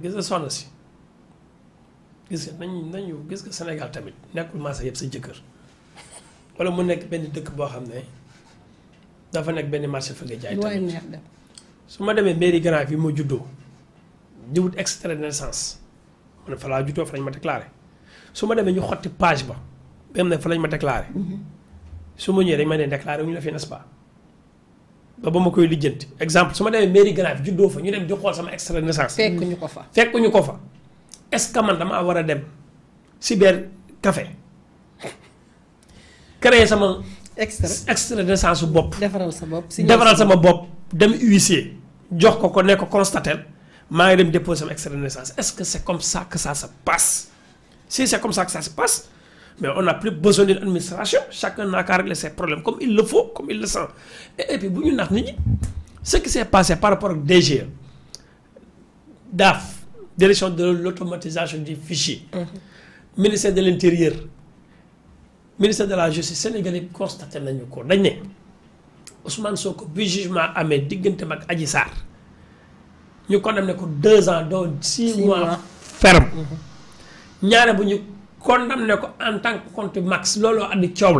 gis nga soxna si gis nga nañu nañu gis nga Sénégal tamit nekkul maasa yëpp sa jëkkër wala mu nekk benn dëkk boo xam ne dafa nekk benn marché fa nga jaay tamit su ma demee mairie Grand bi ma juddoo di wut extrait de naissance ma ne lañ ma déclaré su ma demee ñu xotti page ba ba xam ne fa lañ ma déclaré mhm. su ma ñëwee dañ ma ne déclaré wu ñu la fi nest ba ba ma koy lijjanti exemple su ma demee mairie Grand Yoff juddoo fa ñu dem di xool sama extrait de naissance. fekkuñu ko fa fekkuñu ko fa. est-ce que man damaa war a dem cyber café créer sama. extrait extrait de naissance su bopp. defaral sa bopp defaral sama bopp dem huissier jox ko ko nekk ko maa ngi dem déposer sama extrait de naissance est-ce que c'est comme ça que ça se passe si c'est comme ça que ça se Mais on n'a plus besoin d'une administration. Chacun a qu'à régler ses problèmes comme il le faut, comme il le sent. Et, et puis, ce qui s'est passé par rapport au DG, e, DAF, Direction de l'automatisation du fichier, mm-hmm. ministère de l'Intérieur, ministère de la Justice, Sénégalais constaté que ko dañ ne Ousmane Soko, le jugement a été ak ñu condamné deux ans dont six mois ferme nous mm-hmm. avons ñu condamné en tant que compte max Lolo andi coow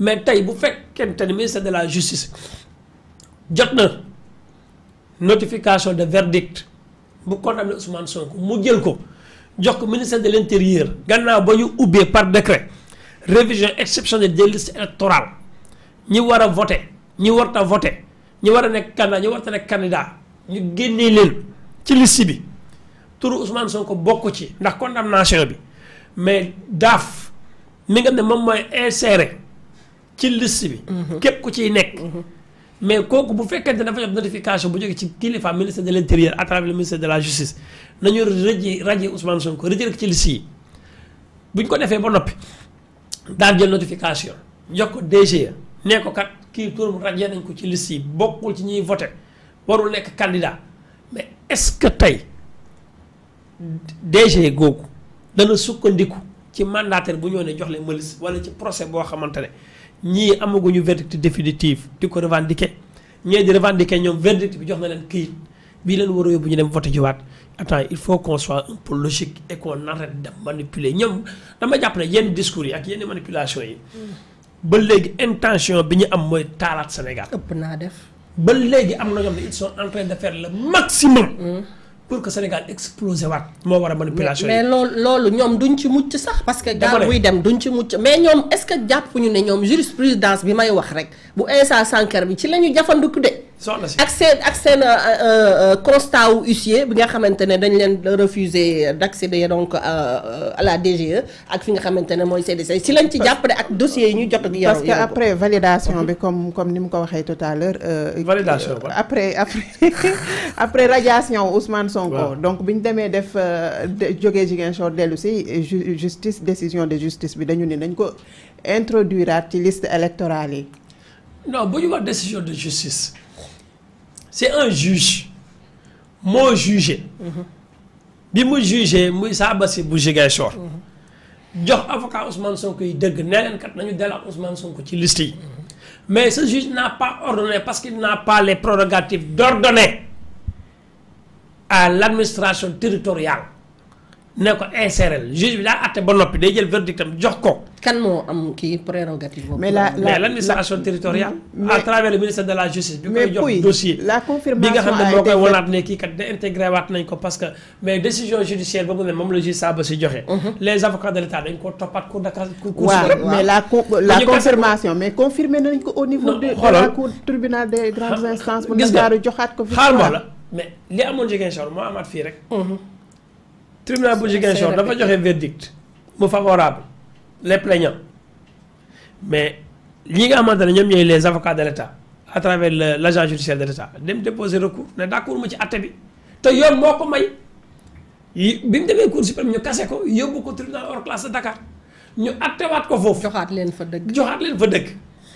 Mais mais vous bu fekkente ni ministre de la justice jot notification de verdict bu condamné Ousmane Sonko mu jël ko jox ko ministère de l'Intérieur, intérieur a ba par décret révision exceptionnelle des listes électorales ñi wara a voté ñi warut a voté ñi war a candidat ñi warut a candidat ñu génnee leen ci liste bi turu Ousmane Sonko bokku ci ndax condamnation bi. mais daaf mi nga ne moom mooy insérer ci liste bi. Mhm. képp ku ciy nekk. Mhm. mais kooku bu fekkente dafa jot notification bu jóge ci kilifa ministre de l' intérieur à travers le ministère de la justice nañu rëjee radier Ousmane Sonko rëjee rek ci liste yi bu ko defee ba noppi daal jël notification jox ko DG nee ko kat kii turam radier nañ ko ci liste yi bokkul ci ñuy vote warul nekk candidat mais est ce que tey DG googu. dana sukkandiku ci mandataire bu ñëw ne jox leen mëlis wala ci procès bo xamante ñi ñii amaguñu verdict définitif diko revendiquer ñi di revendiquer ñom verdict bi jox na leen këyit bii leen war a ñu dem ci wat attends il faut qu'on soit un peu logique et qu'on arrête de manipuler ñom dama jàpp ne yenn discours yi ak yeen manipulation yi. ba légui intention bi ñu am moy talat Sénégal. ëpp na def. ba légui am na ñoom ne ils sont en train de faire le maximum. Mm. pour que Sénégal explosé waat moo war a manipulation mais loolu loolu ñoom duñ ci mucc sax parce que gaal buy dem duñ ci mucc mais ñoom est-ce que jàppuñu ne ñoom jurisprudence bi may wax rek bu Insa Sankar bi ci la ñu jafandiku de accès seen ak seen euh, euh, euh, constat ou huissier bi nga xamante ne dañ leen refuser d'accéder donc à la DGE ak fi nga xamante ne CDC si lañ ci jàppale ak dossiers yi ñu jot ak parce que après validation bi comme comme ni mu ko waxee tout à l'heure validation après après après radiation Ousmane Sonko donc bi ñu demee def jógee Ziguinchor dellu si justice décision de justice bi dañu ne nañ ko introduiraat liste électorale non vous ñu une décision de justice c'est un juge mon jugé bi mu jugé muy Sabassy bu Ziguinchor jox avocat Ousmane Sonko yi deug a kat nañu délat Ousmane Sonko ci liste yi mais ce juge n'a pas ordonné parce qu'il n'a pas les prorogatives d'ordonner à l'administration territoriale ne ko insérer juge bi daa atté ba noppi day jël verdict am jox ko. kan moo am kii prérogative boobu. mais la la l'administration territoriale. à travers le ministère de la justice. bi koy jox dossier la confirmation bi nga xam ne moo koy wanaat ne kii kat da intégré waat nañ ko parce que mais décision judiciaire boobu ne moom la juge saa ba si joxe. Mhm. les avocats de l'État dañ ko toppaat cour de cassation. cour mais la la confirmation mais confirmé nañ ko au niveau. de la cour tribunal des grandes instances. gis nga joxaat ko. xaar ma la mais li amoon Ziguinchor moo amaat fii rek. Mhm tribunal bu Ziguinchor dafa joxe verdict mu favorable les plaignants mais li nga xamante ne ñoom ñooy les avocats de l'état à travers l' judiciaire de l'état dem déposer recours né d'accord accord ma ci atté bi té yoon moko may yi bi mu demee cour suprême ñu kase ko yobbu ko tribunal hors classe de Dakar ñu atté wat ko fofu joxat len fa deug joxat len fa deug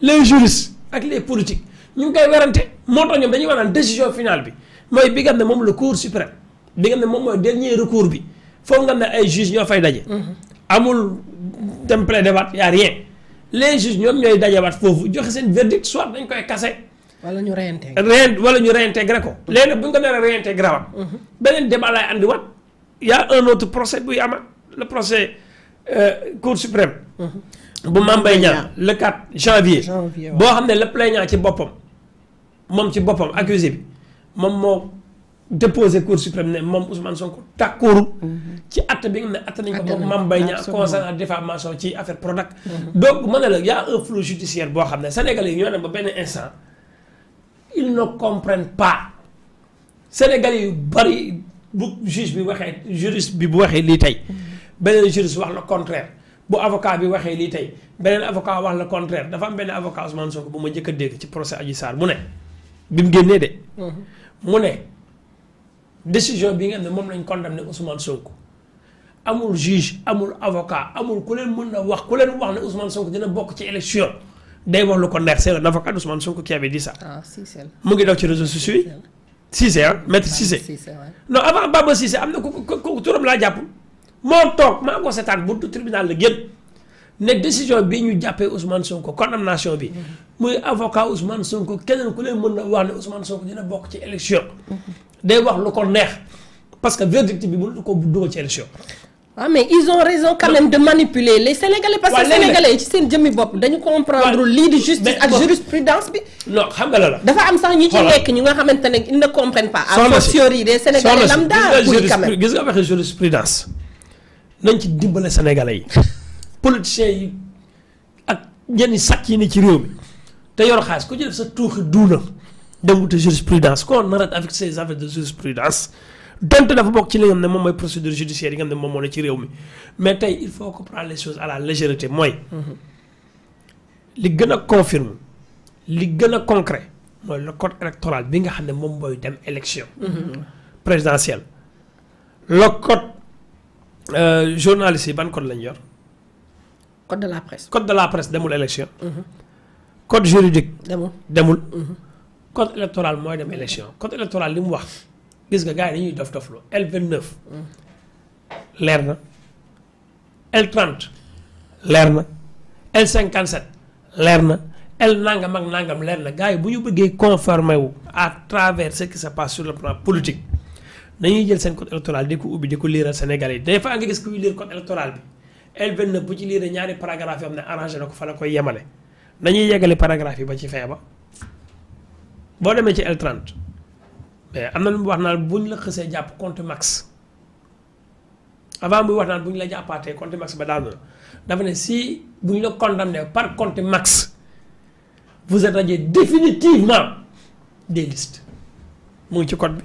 les juristes ak les politiques ñu ngi koy werante moo tax ñoom dañuy wax naan décision finale bi mooy bi nga ne moom la cour suprême bi nga xam ne moom mooy dernier recours bi foog nga ne ay juges ñoo fay daje. Mm-hmm. amul dem plaider waat y a rien les juges ñoom ñooy dajewaat foofu joxe seen verdict soit dañ koy kase. wala ñu réintégrer ré wala ñu réintégrer ko. Mm-hmm. léegi nag bu ñu ko nee réintégrer waat. Mm-hmm. beneen débat laay andi waat y a un autre procès buy amaat le procès euh, cour suprême. bu Mame Mbaye le 4 janvier. bo xamné le plaignant ci bopam mom ci bopam accusé bi mom mo déposer cour suprême né mom Ousmane Sonko tàkkoorul mhm. ci att bi nga ne att nañ ko moom Mame Mbaye concernant diffamation ci affaire Prodac. Mhm. donc mën na la y' un flou judiciaire bo xamné Sénégalais yi ñoo dem ba ben instant ils ne comprennent pas Sénégalais yu bari bu juge bi waxee juriste bi bu waxee li tay mhm. benen juriste wax le contraire. bu avocat bi waxee lii tey beneen avocat wax la contraire dafa am benn avocat Ousmane Sonko bu ma njëkk a dégg ci procès Adji Sarr mu ne. bi mu génnee de. Mhm. mu ne décision bi nga xam ne moom lañ condamné Ousmane Sonko amul juge amul avocat amul ku leen mun na wax ku leen wax ne Ousmane Sonko dina bokk ci élection day wax lu ko neex c'est un avocat Ousmane Sonko qui avait dit ça. ah Cissé mu ngi daw ci réseau sociaux yi. Cissé ah maître Cissé. non avant Baba Cissé am na ku ku laa jàpp. moo toog maa ko buntu tribunal la génn ne décision bi ñu jappé Ousmane Sonko condamnation bi muy avocat Ousmane Sonko keneen ku leen mëna wax ne Ousmane Sonko dina bok ci élection day wax lu ko neex parce que verdict bi mënut ko dugal ci élection. Ah mais ils ont raison quand même de manipuler les sénégalais. parce que sénégalais ci seen jëmmi bop dañu comprendre lii de justice ak jurisprudence bi. non xam nga la dafa am sax ñi ci nekk ñi nga xamantene ne ils ne comprennent pas. a fortiori des sénégalais lambda. gis nga waxee jurisprudence nañ ci dimbale sénégalais yi politiciens yi ak ñenn sàcc yi ne ci réew mi té yor xaalis ko ci def sa tuuxi duuna dem wuti jurisprudence ko narat avec ces affaires de jurisprudence donte dafa bok ci li nga xam ne moom procédure judiciaire yi nga né mom mo ci réew mi mais tay il faut que prendre les choses à la légèreté moy mm-hmm. li gëna confirme li gëna concret moy le code électoral bi nga xamné mom boy mooy dem élection mm-hmm. présidentielle le code euh, journaliste yi ban code lañ yor. code de la presse. code de la presse demul élection. Mhm. code juridique. demul demul. Mhm. code électoral mooy dem élection code électoral li mu wax gis nga gars yi dañuy dof dofloo L29. Mhm. leer na L30 leer na L57 leer na L nangam ak nangam leer na gars yi bu ñu bëggee conformer wu à travers ce qui se passe sur le plan politique dañuy jël seen code électoral di ko ubbi di ko liiral Sénégalais yi des fois nga gis kuy liir code électoral bi L29 bu ci liiree ñaari paragraphe yoo xam ne arrangé na ko fa la koy yemale nañuy yeggale paragraphe yi ba ci feeba boo demee ci L30 mais am na lu mu wax naan buñ la xësee jàpp compte max avant muy wax naan buñ la jàppaatee compte max ba daanu na dafa ne si buñ la condamné par compte max vous êtes rajé définitivement des listes mu ngi ci code bi.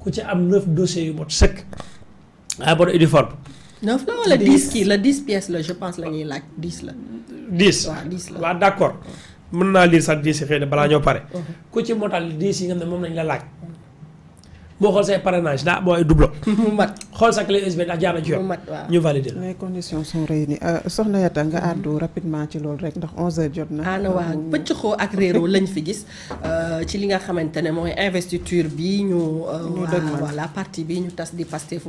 ku ci am neuf dossiers yu mot sëkk ah bon uniforme. neuf la wala dix kii la dix pièces la je pense la ñuy laaj diis la. dix waaw dix la waaw d' accord mën naa lii sax dix yi xëy na balaa ñoo pare. Uh-huh. ku ci motal dix yi nga xam ne moom lañ la laaj. moo xool say parrainage daa booy doublon. mu mat xool sa clé USB ndax jaar na ci yoon. mu mat waaw ñu validé la. les conditions sont réunies euh, soxna Yatta nga àddu rapidement ci loolu rek ndax 11h jot na. ana ah, waaw euh, pëccxoo ak réeroo lañ fi gis euh, ci li nga xamante ne mooy investiture bi ñu. ñu dëgg voilà parti bi ñu tas di Pastef